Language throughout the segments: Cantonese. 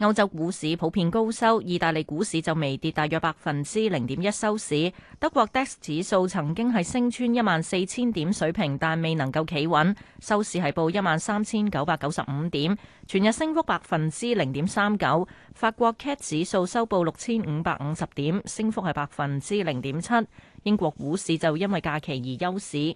歐洲股市普遍高收，意大利股市就微跌，大約百分之零點一收市。德國 DAX 指數曾經係升穿一萬四千點水平，但未能夠企穩，收市係報一萬三千九百九十五點，全日升幅百分之零點三九。法國 CAC 指數收報六千五百五十點，升幅係百分之零點七。英國股市就因為假期而休市。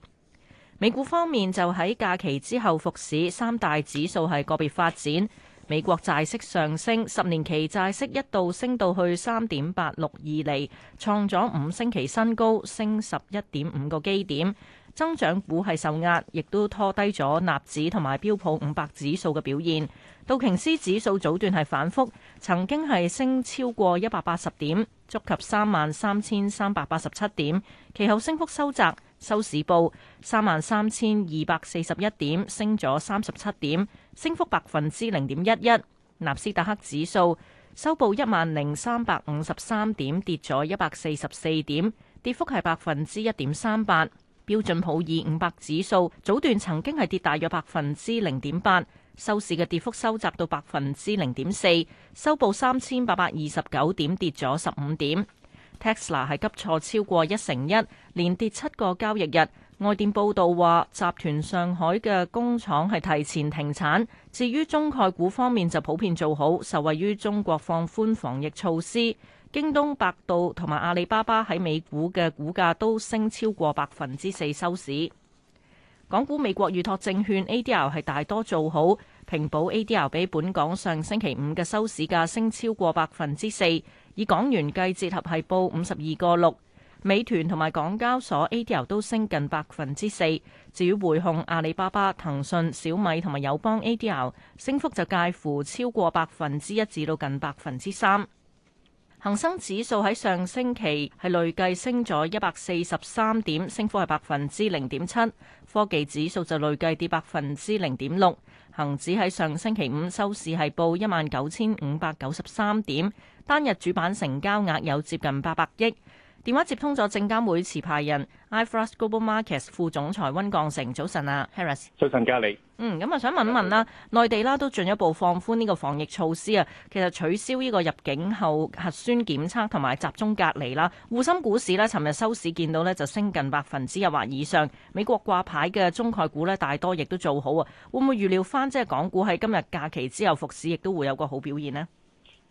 美股方面就喺假期之後復市，三大指數係個別發展。美國債息上升，十年期債息一度升到去三點八六二厘，創咗五星期新高，升十一點五個基點。增長股係受壓，亦都拖低咗納指同埋標普五百指數嘅表現。道瓊斯指數早段係反覆，曾經係升超過一百八十點，觸及三萬三千三百八十七點，其後升幅收窄。收市報三萬三千二百四十一點，升咗三十七點，升幅百分之零點一一。納斯達克指數收報一萬零三百五十三點，跌咗一百四十四點，跌幅係百分之一點三八。標準普爾五百指數早段曾經係跌大約百分之零點八，收市嘅跌幅收窄到百分之零點四，收報三千八百二十九點，跌咗十五點。Tesla 係急挫超過一成一，連跌七個交易日。外電報導話，集團上海嘅工廠係提前停產。至於中概股方面就普遍做好，受惠於中國放寬防疫措施。京東、百度同埋阿里巴巴喺美股嘅股價都升超過百分之四收市。港股美國預託證券 ADR 係大多做好，平保 ADR 比本港上星期五嘅收市價升超過百分之四。以港元計，折合係報五十二個六。美團同埋港交所 ADR 都升近百分之四。至於匯控、阿里巴巴、騰訊、小米同埋友邦 ADR，升幅就介乎超過百分之一至到近百分之三。恒生指數喺上星期係累計升咗一百四十三點，升幅係百分之零點七。科技指數就累計跌百分之零點六。恒指喺上星期五收市係報一萬九千五百九十三點，單日主板成交額有接近八百億。電話接通咗證監會持牌人 iFAST Global Markets 副總裁温鋼成，早晨啊，Harris，早晨加你。里嗯，咁啊想問一問啦，里內地啦都進一步放寬呢個防疫措施啊，其實取消呢個入境後核酸檢測同埋集中隔離啦。滬深股市呢，尋日收市見到呢就升近百分之一或以上。美國掛牌嘅中概股呢，大多亦都做好啊，會唔會預料翻即係港股喺今日假期之後復市，亦都會有個好表現呢？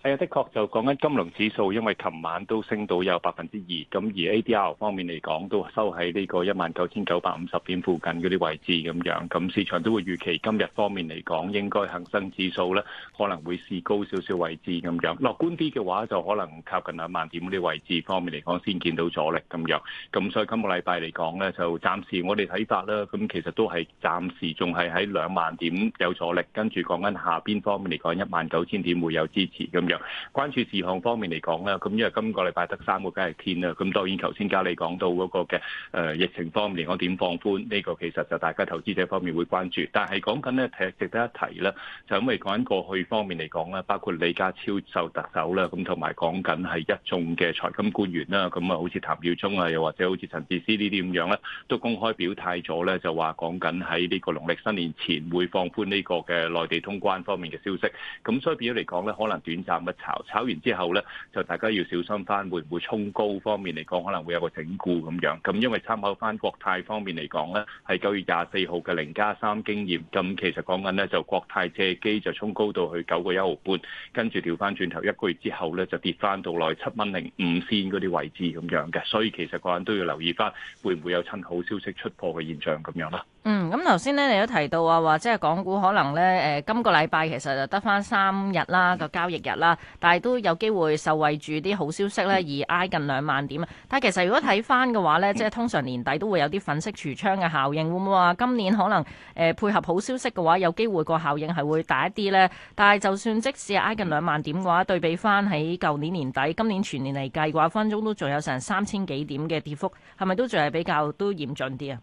係啊，的確就講、是、緊金融指數，因為琴晚都升到有百分之二。咁而 ADR 方面嚟講，都收喺呢個一萬九千九百五十點附近嗰啲位置咁樣。咁市場都會預期今日方面嚟講，應該恒生指數咧可能會試高少少位置咁樣。樂觀啲嘅話，就可能靠近兩萬點嗰啲位置方面嚟講，先見到阻力咁樣。咁所以今個禮拜嚟講咧，就暫時我哋睇法啦。咁其實都係暫時仲係喺兩萬點有阻力，跟住講緊下邊方面嚟講一萬九千點會有支持咁。關注事項方面嚟講咧，咁因為今個禮拜得三個假日天啦，咁當然頭先嘉利講到嗰個嘅誒疫情方面，我點放寬呢個其實就大家投資者方面會關注，但係講緊呢，其實值得一提咧，就因為講緊過去方面嚟講咧，包括李家超就特首啦，咁同埋講緊係一眾嘅財金官員啦，咁啊好似譚耀宗啊，又或者好似陳智思呢啲咁樣咧，都公開表態咗咧，就話講緊喺呢個農曆新年前會放寬呢個嘅內地通關方面嘅消息，咁所以變咗嚟講咧，可能短暫。炒炒完之後咧，就大家要小心翻，會唔會衝高方面嚟講，可能會有個整固咁樣。咁因為參考翻國泰方面嚟講咧，喺九月廿四號嘅零加三經驗，咁其實講緊咧就國泰借機就衝高到去九個一毫半，跟住調翻轉頭一個月之後咧就跌翻到嚟七蚊零五仙嗰啲位置咁樣嘅，所以其實個人都要留意翻，會唔會有趁好消息出貨嘅現象咁樣啦。嗯，咁頭先咧，你都提到啊，話即係港股可能咧，誒、呃，今個禮拜其實就得翻三日啦個交易日啦，但係都有機會受惠住啲好消息咧而挨近兩萬點啊。但係其實如果睇翻嘅話咧，即係通常年底都會有啲粉飾櫥窗嘅效應，會唔會話今年可能誒、呃、配合好消息嘅話，有機會個效應係會大一啲咧？但係就算即使挨近兩萬點嘅話，對比翻喺舊年年底、今年全年嚟計嘅話，分鐘都仲有成三千幾點嘅跌幅，係咪都仲係比較都嚴峻啲啊？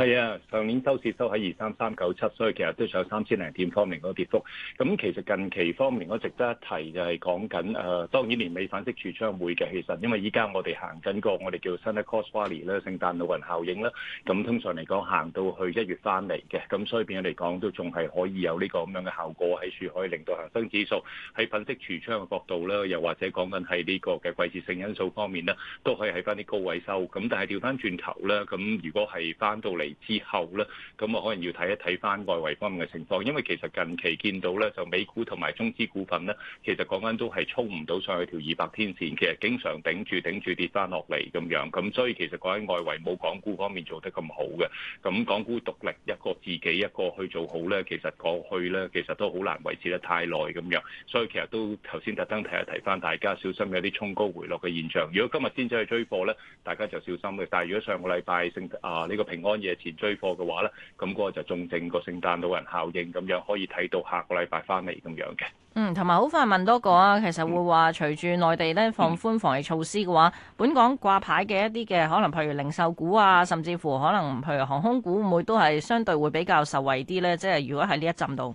係啊，上年收市收喺二三三九七，所以其實都仲有三千零點方面嗰個跌幅。咁其實近期方面我值得一提就係講緊誒，當然年尾粉飾櫥窗會嘅，其實因為依家我哋行緊個我哋叫 Santa Claus Rally 啦，聖誕老人效應啦。咁通常嚟講行到去一月翻嚟嘅，咁所以變咗嚟講都仲係可以有呢個咁樣嘅效果喺處，可以令到恒生指數喺粉飾櫥窗嘅角度咧，又或者講緊係呢個嘅季節性因素方面咧，都可以喺翻啲高位收。咁但係調翻轉頭咧，咁如果係翻到嚟。之後咧，咁我可能要睇一睇翻外圍方面嘅情況，因為其實近期見到咧，就美股同埋中資股份咧，其實講緊都係衝唔到上去條二百天線，其實經常頂住頂住跌翻落嚟咁樣，咁所以其實講緊外圍冇港股方面做得咁好嘅，咁港股獨力一個自己一個去做好咧，其實過去咧其實都好難維持得太耐咁樣，所以其實都頭先特登提一提翻大家小心有啲衝高回落嘅現象。如果今日先至去追貨咧，大家就小心嘅；但係如果上個禮拜升啊呢個平安夜，前追貨嘅話呢，咁嗰個就仲正個聖誕老人效應，咁樣可以睇到下個禮拜翻嚟咁樣嘅。嗯，同埋好快問多個啊，其實會話隨住內地呢，放寬防疫措施嘅話，嗯、本港掛牌嘅一啲嘅，可能譬如零售股啊，甚至乎可能譬如航空股，會唔會都係相對會比較受惠啲呢？即係如果喺呢一陣度。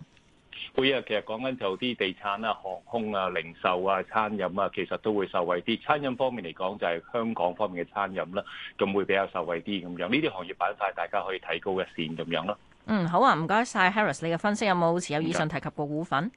每日其實講緊就啲地產啦、航空啊、零售啊、餐飲啊，其實都會受惠啲。餐飲方面嚟講，就係香港方面嘅餐飲啦，咁會比較受惠啲咁樣。呢啲行業板塊大家可以提高一線咁樣咯。嗯，好啊，唔該晒。h a r r i s 你嘅分析有冇持有以上提及個股份？誒、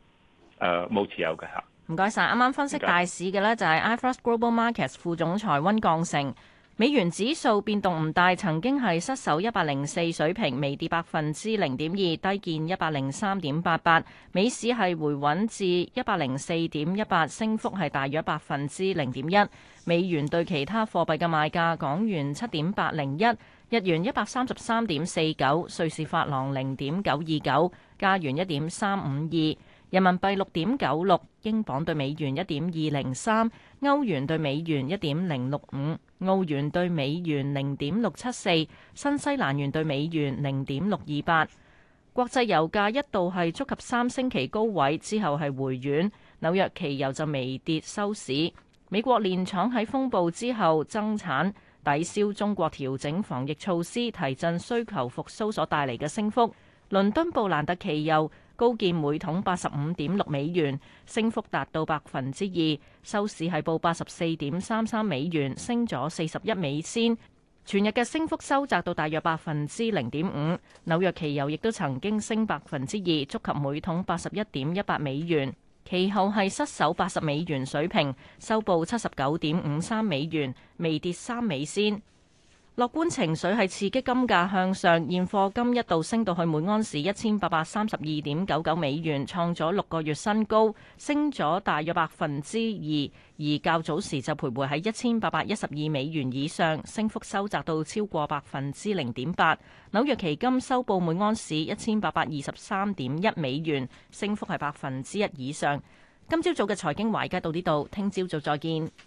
呃，冇持有嘅嚇。唔該晒，啱啱分析大市嘅咧就係 IFRS Global Markets 副總裁温降盛。美元指數變動唔大，曾經係失守一百零四水平，微跌百分之零點二，低見一百零三點八八。美市係回穩至一百零四點一八，升幅係大約百分之零點一。美元對其他貨幣嘅賣價，港元七點八零一，日元一百三十三點四九，瑞士法郎零點九二九，加元一點三五二。人民幣六點九六，英鎊對美元一點二零三，歐元對美元一點零六五，澳元對美元零點六七四，新西蘭元對美元零點六二八。國際油價一度係觸及三星期高位，之後係回軟。紐約期油就微跌收市。美國煉廠喺風暴之後增產，抵消中國調整防疫措施、提振需求復甦所帶嚟嘅升幅。倫敦布蘭特期油，高見每桶八十五點六美元，升幅達到百分之二，收市係報八十四點三三美元，升咗四十一美仙。全日嘅升幅收窄到大約百分之零點五。紐約期油亦都曾經升百分之二，觸及每桶八十一點一八美元，其後係失守八十美元水平，收報七十九點五三美元，微跌三美仙。樂觀情緒係刺激金價向上，現貨金一度升到去每盎司一千八百三十二點九九美元，創咗六個月新高，升咗大約百分之二。而較早時就徘徊喺一千八百一十二美元以上，升幅收窄到超過百分之零點八。紐約期金收報每盎司一千八百二十三點一美元，升幅係百分之一以上。今朝早嘅財經懷介到呢度，聽朝早再見。